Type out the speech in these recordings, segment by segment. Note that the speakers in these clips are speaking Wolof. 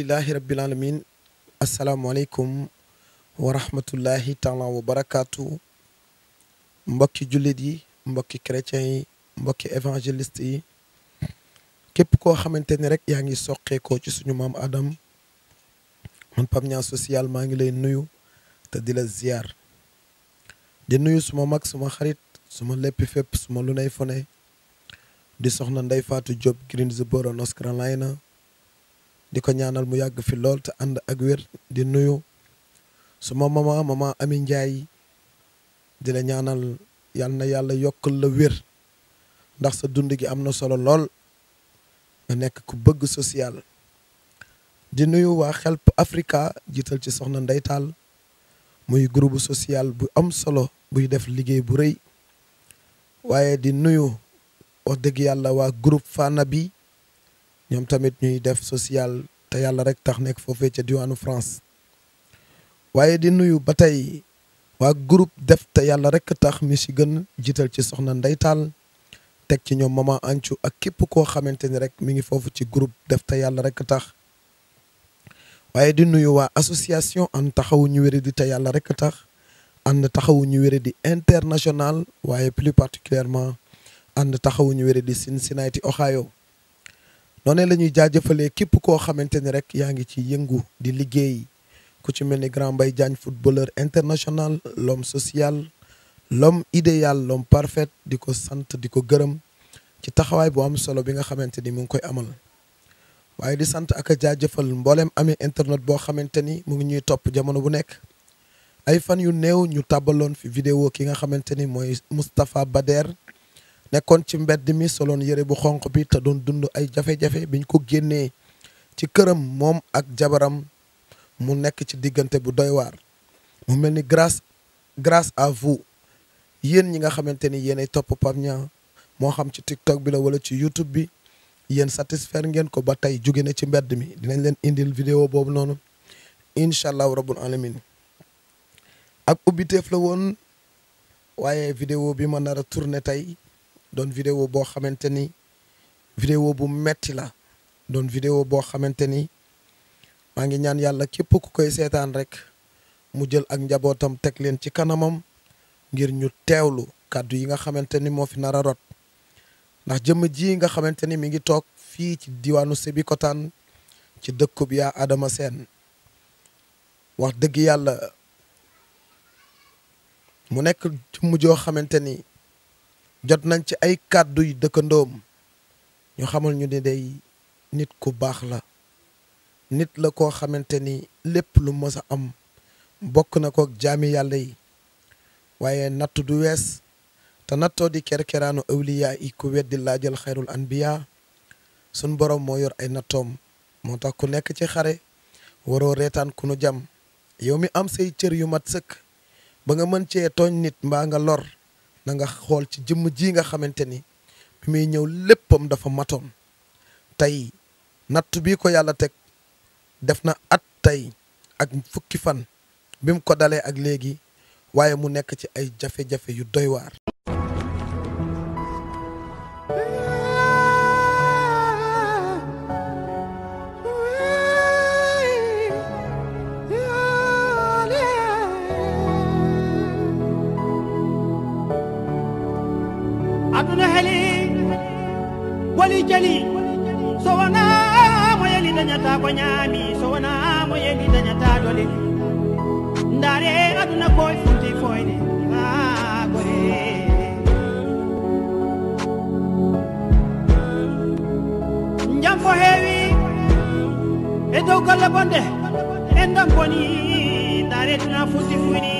alhamdulilahi rabbil alamin asalaamualeykum wa rahmatullahi taala wa barakaatu mbokki jullit yi mbokki chrétiens yi mbokki évangéliste yi képp koo xamante ni rek yaa ngi soqeekoo ci suñu maam Adam man Pape Niang social maa ngi lay nuyu te di la ziar di nuyu suma mag suma xarit suma lépp fépp suma lu nay fone di soxna Ndeye Fatou Diop Greensboro North Carolina di ko ñaanal mu yàgg fi lool te ànd ak wér di nuyu suma mama mama Ami Ndiaye di ñaanal yal na yàlla yokkal la wér ndax sa dund gi am na solo lool nga nekk ku bëgg social. di nuyu waa Help Africa jiital ci soxna Ndeye muy groupe social bu am solo buy def liggéey bu rëy waaye di nuyu wax dëgg yàlla waa groupe Fana bi ñoom tamit ñuy def social te yàlla rek tax nekk foofee ca diwaanu France waaye di nuyu ba tey waa groupe def te yàlla rek tax mi si gën jiital ci soxna ndeytaal teg ci ñoom mama ancu ak képp koo xamante ni rek mi ngi foofu ci groupe def te yàlla rek tax waaye di nuyu waa association ànd taxawu ñu wéri di te yàlla rek tax ànd taxawu ñu wéri di international waaye plus particulièrement ànd taxawu ñu wéri di Cincinnati Ohio noonee la ñuy jëfalee képp koo xamante ni rek yaa ngi ci yëngu di liggéey ku ci mel ni Grand Mbaye Diagne footballeur international l'homme social l'homme idéal l'homme parfait di ko sant di ko gërëm ci taxawaay bu am solo bi nga xamante ni mu ngi koy amal waaye di sant ak a jaajëfal mbooleem amee internet boo xamante ni mu ngi ñuy topp jamono bu nekk ay fan yu néew ñu tàbbaloon fi vidéo ki nga xamante ni mooy Moustapha Bader nekkoon ci mbedd mi soloon yére bu xonk bi te doon dund ay jafe-jafe biñ ko génnee ci këram moom ak jabaram mu nekk ci diggante bu doy waar mu mel ni grâce grâce à vous yéen ñi nga xamante ni yéenay topp Pape Niang moo xam ci TikTok bi la wala ci YouTube bi yéen satisfaire ngeen ko ba tey jóge na ci mbedd mi dinañ leen indil vidéo boobu noonu incha allahu rabbul alamin ak ubbiteef la woon waaye vidéo bi ma nara a tey doon vidéo boo xamante ni vidéo bu metti la doon vidéo boo xamante ni maa ngi ñaan yàlla képp ku koy seetaan rek mu jël ak njabootam teg leen ci kanamam ngir ñu teewlu kàddu yi nga xamante ni moo fi nar a ndax jëmm ji nga xamante ni mi ngi toog fii ci diwaanu Sébikotane ci dëkkub yaa Adama seen wax dëgg yàlla mu nekk jëmm joo xamante ni jot nañ ci ay kàddu yu dëkkandoom ñu xamal ñu ne day nit ku baax la nit la koo xamante ni lépp lu mës a am bokk na ko jaami yàlla yi waaye natt du wees te nattoo di kerkeraanu awliyaa yi ku weddi laajal xayrul anbiya sun borom moo yor ay nattoom moo tax ku nekk ci xare waroo reetaan ku nu jam yow mi am say cër yu mat sëkk ba nga mën cee tooñ nit mbaa nga lor na nga xool ci jëmm ji nga xamante ni bi muy ñëw léppam dafa matoon tey natt bi ko yàlla teg def na at tey ak fukki fan bi ko dalee ak léegi waaye mu nekk ci ay jafe-jafe yu doy waar woni so so dole aduna koye funti foyde a gore fo heewi e dow bonde boni Ndare aduna funti fuyni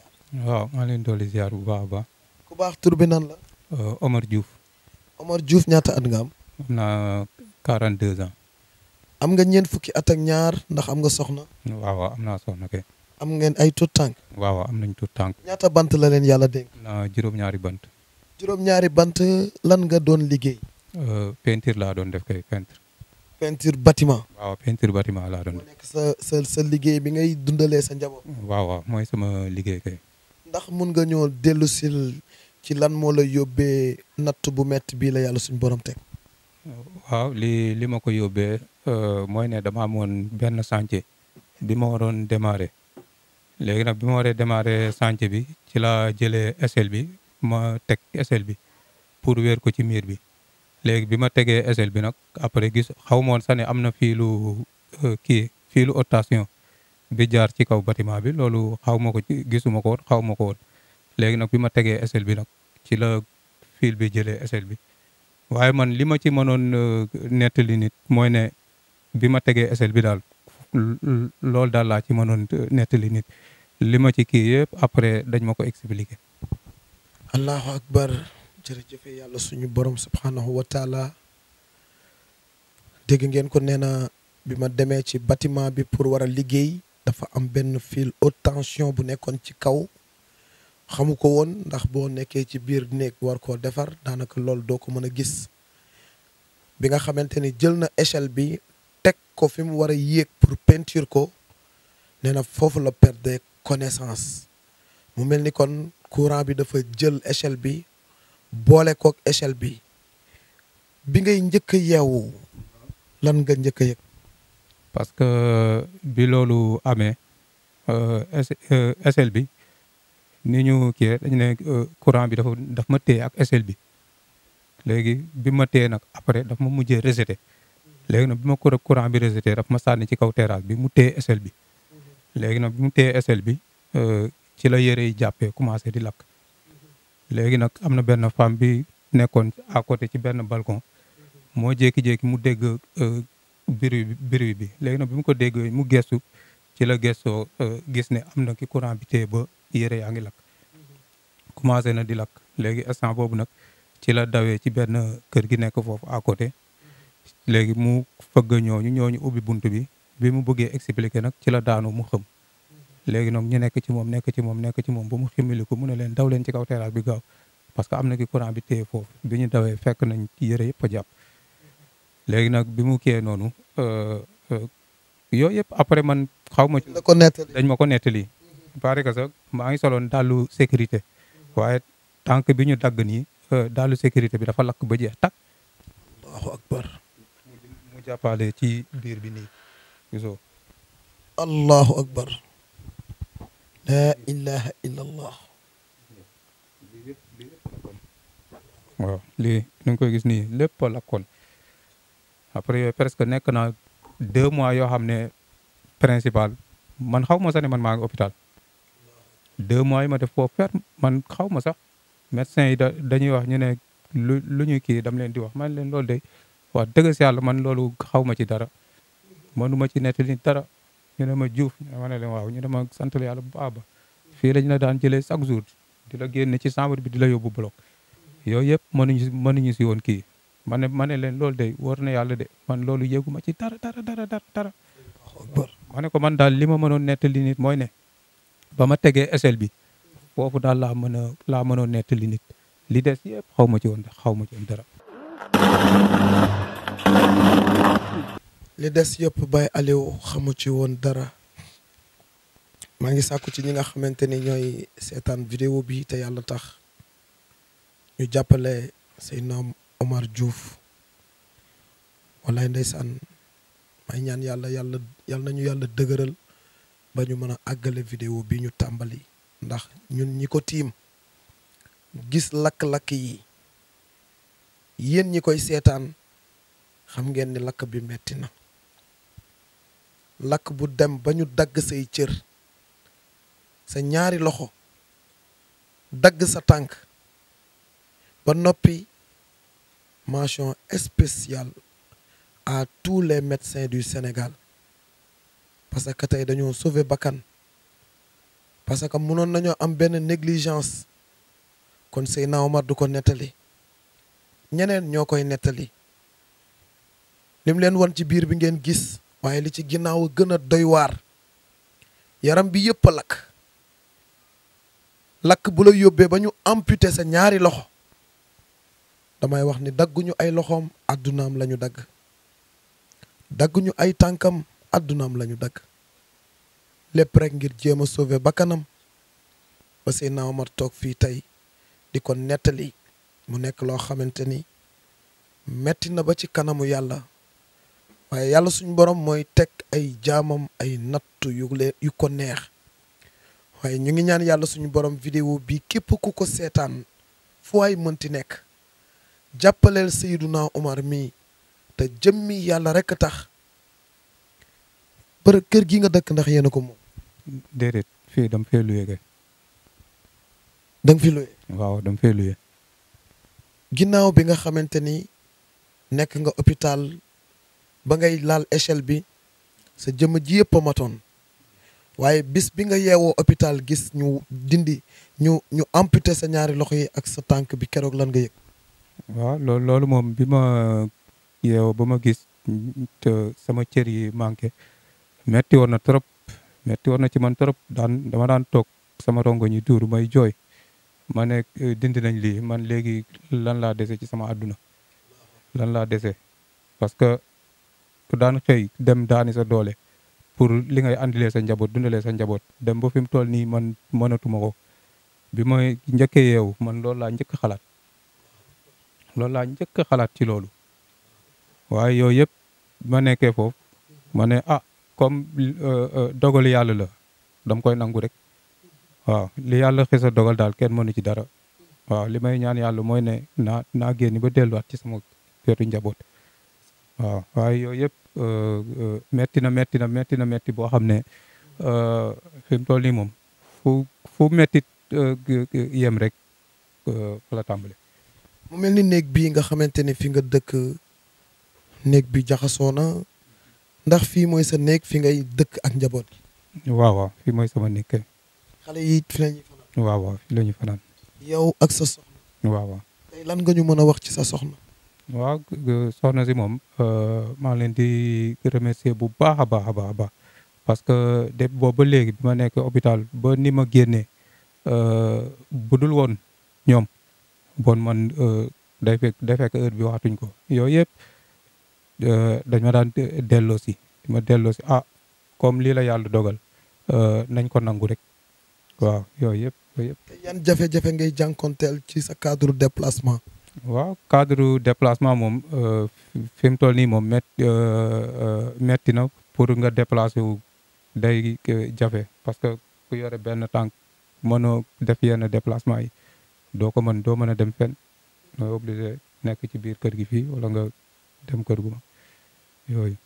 waaw maa leen doole ziar bu baax a baax. ku baax tur nan la. Uh, Omar Diouf. Omar Diouf ñaata at nga am. am naa 42 ans. am nga ñeent fukki at ak ñaar ndax am nga soxna. waaw am naa soxna kay. am ngeen ay tuut tànk. waaw am nañ tuut tànk. ñaata bant la leen yàlla dénk. juróom-ñaari bant. juróom-ñaari bant lan nga doon liggéey. Uh, peinture laa doon def kay peinture. peinture bâtiment. waaw peinture bâtiment laa doon def. nekk sa sa sa liggéey bi ngay dundalee sa njaboot. waaw waaw mooy sama liggéey kay. ndax mun nga ñoo dellusil ci lan moo la yóbbee natt bu metti bii la yàlla suñu borom teg. waaw li li ma ko yóbbee euh, mooy ne dama amoon benn chantier bi ma waroon démarrer léegi nag bi ma waree démarrer sance bi ci laa jëlee échelle bi ma teg échelle bi pour wéer ko ci miir bi léegi bi ma tegee échelle bi nag après gis xaw ma woon sax ne am na fiilu euh, kii fiilu lu bi jaar ci kaw bâtiment bi loolu xaw ma ko ci gisuma ko woon xaw ma ko woon léegi nag bi ma tegee échelle bi nag ci la fil bi jëlee échelle bi waaye man li ma ci mënoon euh, nettali nit mooy ne bi ma tegee échelle bi daal loolu daal laa ci mënoon euh, nettali nit li ma ci kii yëpp après dañ ma ko expliqué. allahu akbar jërëjëf yàlla suñu borom subhanahu wa taala dégg ngeen ko nee na bi ma demee ci bâtiment bi pour war a liggéey dafa am benn fil haute tension bu nekkoon ci kaw xamu ko woon ndax boo nekkee ci biir néeg war koo defar daanaka lool doo ko mën a gis bi nga xamante ni jël na échelle bi teg ko fi mu war a yéeg pour peinture ko nee foofu la perdre connaissance mu mel ni kon courant bi dafa jël échelle bi boole kook échelle bi bi ngay njëkk a yeewu lan nga njëkk a yëg parce que bi loolu amee euh, SL euh, bi ni ñu kii dañ ne euh, courant bi dafa daf ma téye ak SL bi léegi bi ma téye nag après daf ma mujjee rejeté léegi nag bi ma courant bi rejeté daf ma sànni ci kaw terrasse bi mu téye SL bi léegi nag bi mu téye SL bi ci la yére yi jàppee commencé di lakk léegi nag am na benn femme bi nekkoon à côté ci benn balkon moo jékki-jékki mu dégg bruit bruit bi léegi nag bi mu ko déggee mu gestu ci la gestoo euh, gis ne am na ki courant bi téye ba yére yaa ngi lakk commencé na di lakk léegi instant boobu nag ci la dawee ci benn kër gi nekk foofu à côté léegi mu fëgg ñooñu ñooñu ubbi bunt bi bi mu buggee expliquer nag ci la daanu mu xam léegi nag ñu nekk ci moom nekk ci moom nekk ci moom ba mu ximili ko mu ne leen daw leen ci kaw terrasse bi gaaw parce que am na ki courant bi téye foofu bi ñu dawee fekk nañ yére yëpp jàpp léegi nak bi mu nonu euh eh, eh, yoy yep après man xaw netali dañ ma netali nettali. ka sax ma ngi solo dalu sécurité waye tank bi ñu dagg tak eh, dàllu sécurité bi dafa lak ba jeex tak allahu akbar mu jappalé ci bir bi ni giso allahu akbar la ilaha illa allah li, lii nu koy gis ni lepp a après presque nekk naa deux mois yoo xam ne principal man xaw ma sax ne man maa ngi hôpital deux mois yi ma def foofu fet man xaw ma sax médecin yi da dañuy wax ñu ne lu lu ñuy kii dam leen di wax man leen loolu de wax dëgg si yàlla man loolu xaw ma ci dara mënuma ci nettali dara ñu ne ma Diouf ma ne leen waaw ñu ne ma sant la yàlla bu baax fii lañ la daan jëlee chaque jour di la génne ci chambre bi di la yóbbu bloc yooyu yëpp mënuñu mënuñu si woon kii ma ne ma ne leen loolu de war na yàlla de man loolu yëgu ma ci dara dara dara dara ko man daal li ma mënoon nettali nit mooy ne ba ma tegee échelle bi foofu daal laa mën a laa mënoon nettali nit li des yëpp xaw ma ci woon xaw ma ci woon dara. li des yëpp Baye Aliou ci woon dara maa ngi sàkku ci ñi nga xamante ni ñooy seetaan vidéo bi te yàlla tax ñu jàppale say noom Omar Diouf wallahi ndaysan may ñaan yalla yalla yalla nañu yalla dëgëral bañu mëna agalé vidéo bi ñu tambali ndax ñun ñiko tim gis lak lak yi yeen ñikoy sétane xam ngeen ni lak bi metti na lak bu dem bañu dag sey sa ñaari loxo dag sa tank ba nopi mention spéciale à tous les médecins du Sénégal parce que avons sauvé sauver gens. parce que nous avons am une négligence kon Seydina que du ko nettali ñeneen Nous won ci biir bi ngeen gis waye li ci yaram bi sa ñaari loxo damay wax ni dagguñu ay loxoom àddunaam lañu dagg dagguñu ay tànkam àddunaam lañu dagg lépp rek ngir jéem a sauver bakkanam ba Seydina Omar toog fii tey di ko nettali mu nekk loo xamante ni metti na ba ci kanamu yàlla waaye yàlla suñu boroom mooy teg ay jaamam ay nattu yu ko neex waaye ñu ngi ñaan yàlla suñu borom vidéo bi képp ku ko seetaan fu ay mënti nekk jappalel sayyiduna umar mi te jëmmi yalla rek tax bër keur gi nga dekk ndax yéen ko mo dedet fi dam fee luye dam fi luye. waaw dam fi luye. ginnaaw bi nga xamanteni nek nga hôpital ba ngay lal échelle bi sa jëm ji yëpp maton waye bis bi nga yeewoo hôpital gis ñu dindi ñu ñu amputer sa ñaari loxo ak sa tank bi kérok lan nga waaw loolu loolu moom bi ma ba ma gis te sama cër yi manqué metti woon na trop metti woon na ci man trop daan dama daan toog sama rongo ñi tuur may jooy ma ne e, dindi nañ lii man léegi lan laa dese ci sama àdduna lan laa dese parce que ku daan xëy dem daani sa doole pour li ngay andilee sa njaboot dundalee sa njaboot dem ba fi mu toll nii man mënatuma ko bi ma njëkkee yeewu man loolu laa njëkk xalaat loolu laa njëkk xalaat ci loolu waaye yooyu yëpp ma nekkee foofu ma ne a ah, comme euh, euh, dogal yàlla la dam koy nangu rek waaw li yàlla xis a daal kenn mënu ci dara waaw li may ñaan yàlla mooy ne naa naa génn ba delluwaat ci sama këru njaboot waaw waaye yooyu yëpp euh, metti na metti na metti na metti boo xam ne fi mu toll moom fu fu mettit yem rek fa la mu mel ni néeg bii nga xamante ne fi nga dëkk néeg bi jaxasoo na ndax fii mooy sa néeg fi ngay dëkk ak njaboot gi. waaw waaw mooy sama néeg xale yi fi la ñuy fanaan. yow ak sa soxna. waaw waaw. lan nga ñu mën a wax ci sa soxna. waaw soxna si moom euh, maa leen di remercier bu baax a baax a baax a baax parce que de boobu ba léegi bi ma nekk hôpital ba ni ma génnee euh, budul woon ñoom. bon man euh, day fekk day heure bi waxatuñ ko yooyu yëpp euh, dañ ma daan delloo si ma delloo si ah comme lii la yàlla dogal euh, nañ ko nangu rek waaw yooyu yëpp yooyu yëpp. yan jafe-jafe ngay jànkonteel ci sa cadre déplacement. waaw cadre déplacement moom fi mu toll nii moom mét métti na pour nga déplacé wu day jafe parce que ku yore benn tànk mënoo def yenn déplacement yi. doo ko mën doo mën a dem fenn nooy obligé nekk ci biir kër gi fii wala nga dem kër gu ma yooyu.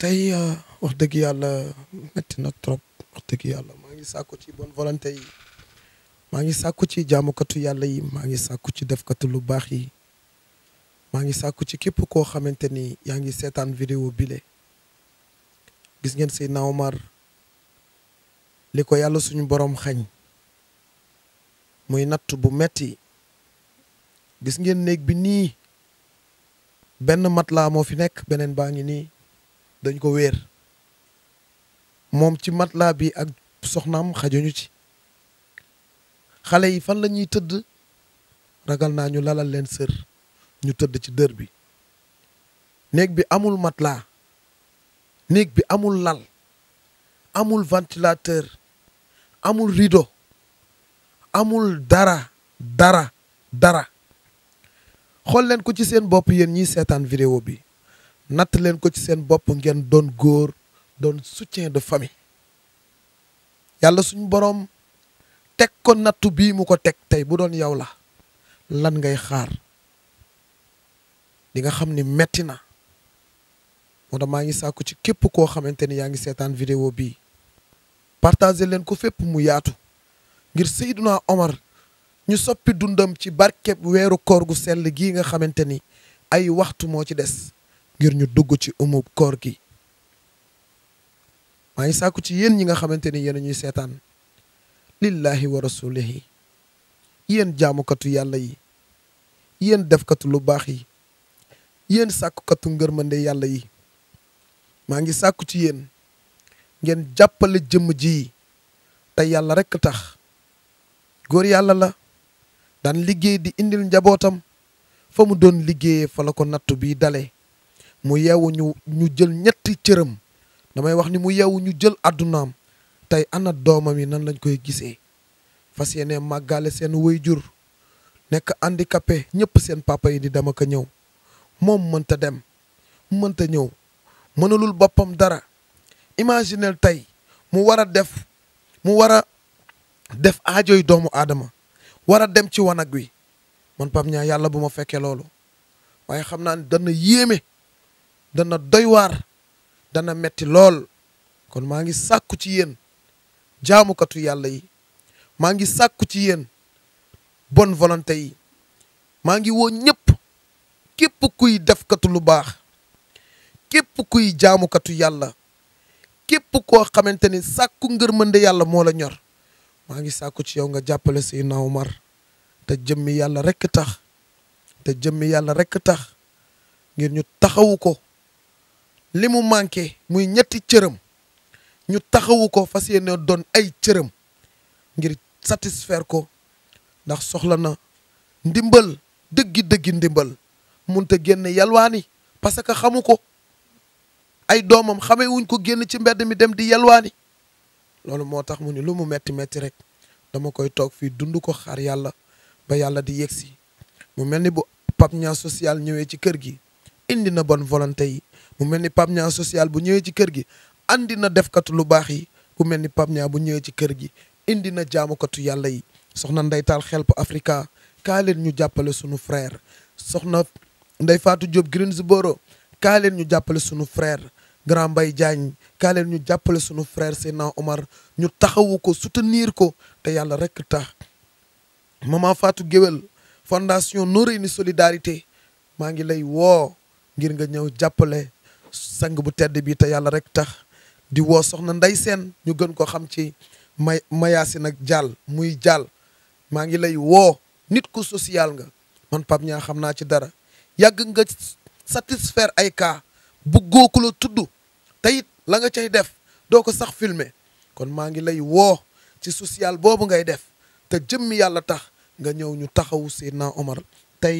tey euh, wax dëgg yàlla metti na trop wax dëgg yàlla maa ngi sàkku ci bonne volonté yi maa ngi sàkku ci jaamukatu yàlla yi maa ngi sàkku ci defkatu lu baax yi maa ngi sàkku ci képp koo xamante ni yaa ngi seetaan vidéo bile gis ngeen Seydina naomar li ko suñu borom xañ muy natt bu metti gis ngeen néeg bi nii benn mat laa moo fi nekk beneen baa ngi nii dañ ko wéer moom ci mat laa bi ak soxnaam xajuñu ci xale yi fan la ñuy tëdd ragal naa ñu lalal leen sër ñu tëdd ci dër bi néeg bi amul matla néeg bi amul lal amul ventilateur amul rido amul dara dara dara xool leen ko ci seen bopp yéen ñiy seetaan vidéo bi natt leen ko ci seen bopp ngeen doon góor doon soutien de famille yàlla suñu boroom teg ko nattu bii mu ko teg tey bu doon yow la lan ngay xaar di nga xam ni metti na moo tax maa ngi sàkku ci képp koo xamante ni yaa ngi seetaan vidéo bi partager leen ko fépp mu yaatu ngir Seydina Omar ñu soppi dundam ci barkeb weeru koor gu sell gii nga xamante ay waxtu ci des ngir ñu dugg ci umub koor gi maa ngi sàkku ci yéen ñi nga xamante ni ñuy seetaan lillahi wa rasulihi yéen jaamukatu yàlla yi yéen defkatu lu baax yi yéen sàkkukatu ngërmande yàlla yi maa ngi sàkku ci yéen ngeen jàppale ji tax Gori yalla la dan liggey di indil njabotam famu don liggey fa la ko natou bi dalé mu yewu ñu ñu jël ñetti cërem damay wax ni mu yewu ñu jël adunaam tay ana domami nan lañ koy gisé fasiyene yéene sen wayjur nek handicapé ñepp sen papa yi di dama ko ñëw mënta dem mënta ñew mënalul bopam dara imaginer tay mu wara def mu wara def aja doomu aadama war a dem ci wanag wi man pam ñaa yàlla bu ma fekkee loolu waaye xam naa dana yéeme dana doy waar dana metti lool kon maa ngi sàkku ci yéen jaamukatu yàlla yi maa ngi sàkku ci yéen bonne volonté yi maa ngi woo ñëpp képp kuy defkatu lu baax képp kuy jaamukatu yàlla képp koo xamante ni sàkku ngërmënde yàlla moo la ñor maa ngi sàkku ci yow nga jàppale Seydina Omar te jëmmi yàlla rekk tax te jëmmi yàlla rekk tax ngir ñu taxawu ko li mu manqué muy ñetti cëram ñu taxawu ko fas yéene don ay cëram ngir satisfaire ko ndax soxla na ndimbal dëggi dëggi ndimbal munta génn yalwaani parce que xamu ko ay doomam xamee wuñ ko génn ci mbedd mi dem di yalwaani loolu moo tax mu ni lu mu metti metti rek dama koy toog fii dund ko xaar yàlla ba yàlla di yegsi mu mel ni bu Pape Niang social ñëwee ci kër gi indi na bonne volonté yi mu mel ni Pape Niang bu ñëwee ci kër gi andi na defkatu lu baax yi bu mel ni Pape bu ñëwee ci kër gi indi na jaamukatu yàlla yi soxna Ndeye Tall Help Africa kaa leen ñu jàppale sunu frère soxna Ndeye faatu Diop Greensboro kaa leen ñu jàppale sunu frère Grand Mbaye Diagne kaa leen ñu jàppale sunu frère Seydina Omar ñu taxawu ko soutenir ko te yàlla rek tax maman Fatou Guewel fondation Noreyni solidarité maa ngi lay woo ngir nga ñëw jàppale sang bu tedd bi te yàlla rek tax di woo soxna Ndey Seen ñu gën ko xam ci may mayaasi nag muy ngi lay nit social nga man Pape ñaa xam ci dara yàgg nga satisfaire ay bu te la nga cay def doo ko sax filme kon maa ngi lay woo ci sociale boobu ngay def te jëmmi yàlla tax nga ñëw ñu taxawu Seydina Omar tey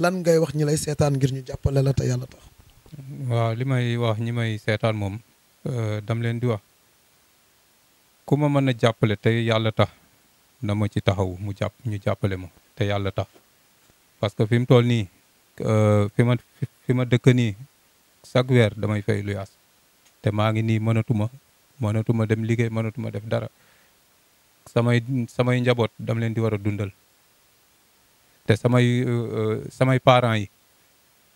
lan ngay wax ñi lay seetaan ngir ñu jàppale la te yàlla tax. li may wax ñi may seetaan moom euh, dam leen di wax ku ma mën a jàppale te yàlla tax na ma ci taxaw mu jàpp ñu jàppale ma te yàlla tax parce que fi mu toll nii euh, fi ma fi ma dëkk nii chaque weer damay fay lu te maa ngi nii mënatuma mënatuma dem liggéey mënatuma def dara samay samay njaboot dam leen di war a dundal te samay euh, euh, samay parents yi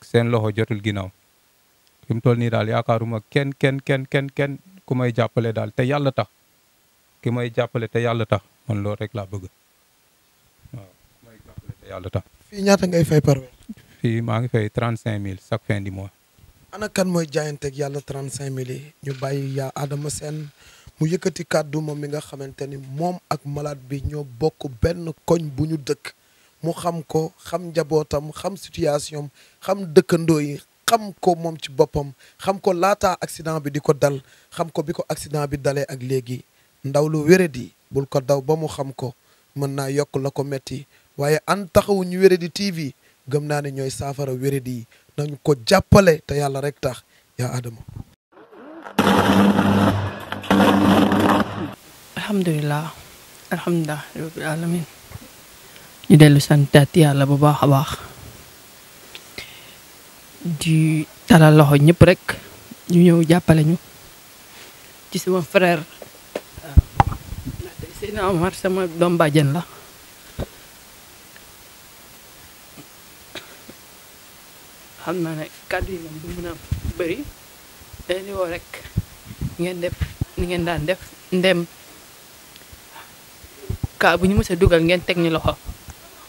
seen loxo jotul ginnaaw fi mu toll nii daal yaakaaruma kenn kenn kenn kenn kenn ku may jàppale daal te yàlla tax ki may jàppale te yàlla tax man loolu rek laa bëgg waaw may jàppale yàlla tax. fii ñaata ngay fay par weer. fii maa ngi fay trente cinq mille chaque fin du mois. ana kan mooy jaayanteeg yàlla 35 mille yi ñu bàyyi yaa Adama Sène mu yëkkati kàddu mi nga xamante ni moom ak malaat bi ñoo bokk benn koñ bu ñu dëkk mu xam ko xam njabootam xam situation xam dëkkandoo yi xam ko moom ci boppam xam ko laata accident bi di ko dal xam ko bi ko accident bi dalee ak léegi ndaw lu wéradi bul ko daw ba mu xam ko mën naa yokk la ko metti waaye an taxawu ñu wéradi TV gëm naa ne ñooy saafara wéradi yi nañ ko jappalé té yalla rek tax ya adama alhamdulilah alhamdulilah rabbil alamin ñu dellu santaat yalla bu baax baax di tala loxo ñep rek ñu ñew jappalé ñu ci sama frère euh, Seydina Omar sama dom bajen lah. xamna ne kaddu yi bu mëna bëri dañ rek ngeen def ni ngeen daan def ndem ka bu ñu mësa duggal ngeen tek ñu loxo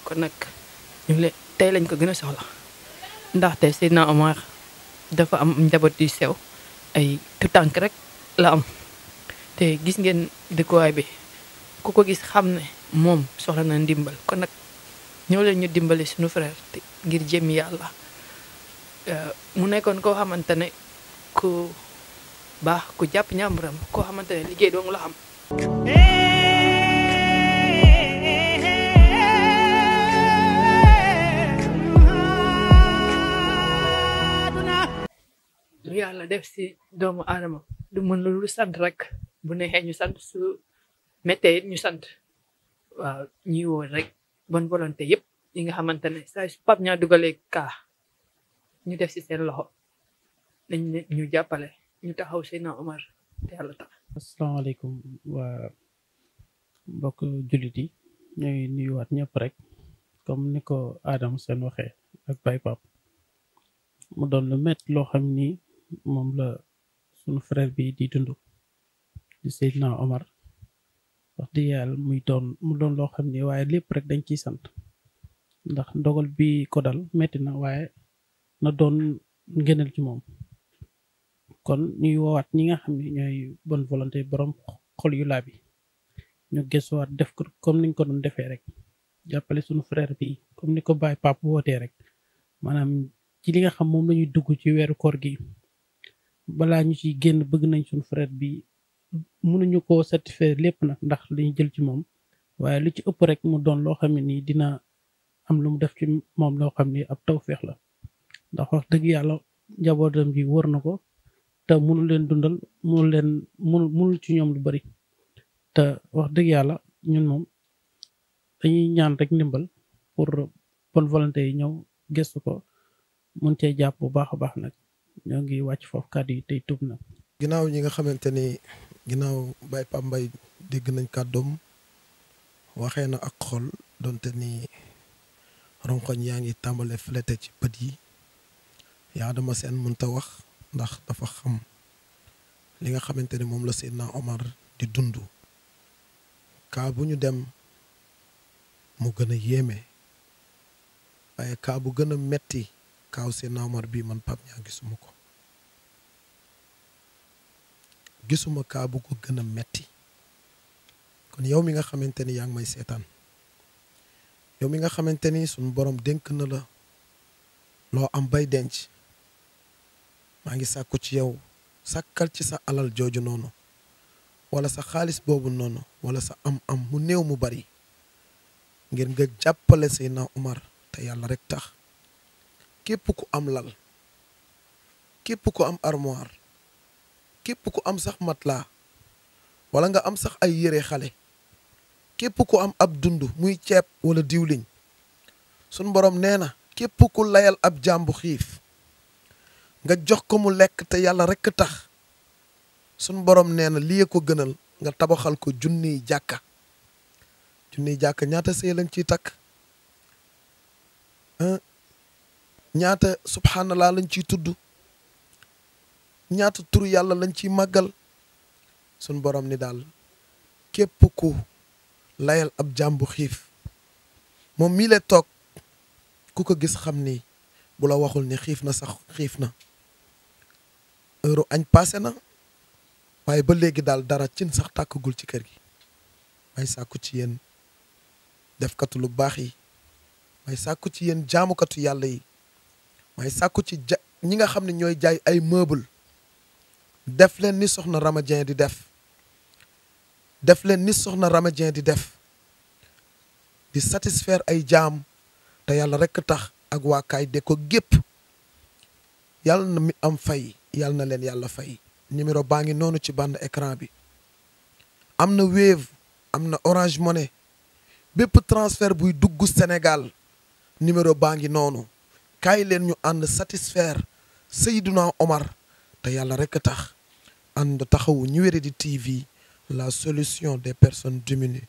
kon nak ñu le tay lañ ko gëna soxla ndax tay sayna Omar dafa am njabot yu sew ay tutànk rek la am te gis ngeen quoi bi ku ko gis xamne mom soxla na ndimbal kon nak ñoo leen ñu dimbali e suñu frère ngir jëm yàlla Eh, Munai kon ko xamantene ku bah ku jap nyamram ko xamante ne liggéey dong la xam lu la def si doomu aadama du mën lu lu sant rek bu neexee ñu sant su méttee ñu sant waaw ñi wo rek bonne volonté yépp yi nga xamantene pap ñaa dugalee kaa ñu def si seen loxo nañ ñu jàppale ñu taxaw Seydina Omar te yàlla tax. asalaamaaleykum waa mbokk jullit yi ñooy nuyuwaat ñëpp rek comme ni ko Adam seen waxee ak Baye Pape mu doon lu métti loo xam ni moom la sunu frère bi di dund di Seydina Omar wax dëgg yàlla muy mu doon loo xam ni waaye lépp rek dañ ciy sant ndax ndogal bi ko dal métti na na doon ngëneel ci moom kon ñuy woowaat ñi nga xam ne ñooy bonne volonté borom xol yu laab yi ñu gëstuwaat def ko comme niñ ko doon defee rek jàppale suñu frère bi comme ni ko Baye Pape wootee rek maanaam ci li nga xam moom lañuy dugg ci weeru koor gi balaa ñu ciy génn bëgg nañ suñu frère bi mënuñu ko satisfaire lépp nag ndax li jël ci moom waaye lu ci ëpp rek mu doon loo xam ne nii dina am lu mu def ci moom loo xam ne ab taw tawféex la ndax wax dëgg yàlla njabootam gi wër na ko te mënul leen dundal mënul leen mënul mënul ci ñoom lu bari te wax dëgg yàlla ñun moom dañuy ñaan rek ndimbal pour bonne volonté yi ñëw gëstu ko mun cee jàpp bu baax a baax nag ñoo ngi wàcc foofu kàddu yi tey tub na ginnaaw yi nga xamante ni ginnaaw Baye Pape dégg nañ kàddoom waxee na ak xol donte ni ronkoñ yaa ngi tàmbale flette ci bët yi yaa dama seen mënta wax ndax dafa xam li nga xamante ni moom la naa Omar di dund kaa bu ñu dem mu gën a yéeme waaye kaa bu gën a metti kaaw Seydina Omar bii man Pape Niang gisuma ko gisuma kaa bu ko gën a metti kon yow mi nga xamante ni yaa ngi may seetaan yow mi nga xamante ni suñu borom dénk na la loo am bay denc maa ngi sàkku ci yow sàkkal ci sa alal jooju noonu wala sa xaalis boobu noonu wala sa am-am mu néew mu bari ngir nga jàppale Seydina Omar te yàlla rek tax képp ku am lal képp ku am armoire képp ku am sax matelas wala nga am sax ay yére xale képp ku am ab dund muy ceeb wala diwliñ sun borom nee na képp ku layal ab jàmbu xiif nga jox ko mu lek te yalla rek tax sun borom neena na ko gënal nga tabaxal ko junni jaka junni jaka ñaata sey lañ ciy takk ñaata subhanallah lañ tudu tuddu ñaata turu yalla lañ ci magal sun borom ni dal kep ku layal ab jambu xif mom mi le tok ku ko gis xamni bula waxul ni na sax xiif na heure añ passé na waaye ba léegi daal dara cin sax tàkkagul ci kër gi may sàkku ci yéen defkatu lu baax yi may sàkku ci yenn jaamukatu yàlla yi may sàkku ci ja ñi nga xam ne ñooy jaay ay meuble def leen ni soxna Ramadien di def def leen ni soxna Ramadien di def di satisfaire ay jaam te yàlla rekk tax ak waakaay de ko gépp yàlla na mi am fay yal na fay numéro bangi nonu ci bande écran bi Wave amna Orange Money bépp transfert buy dugg Sénégal numéro bangi nonu kay len ñu satisfaire Seydina Omar te yalla rek TV la solution des personnes diminuées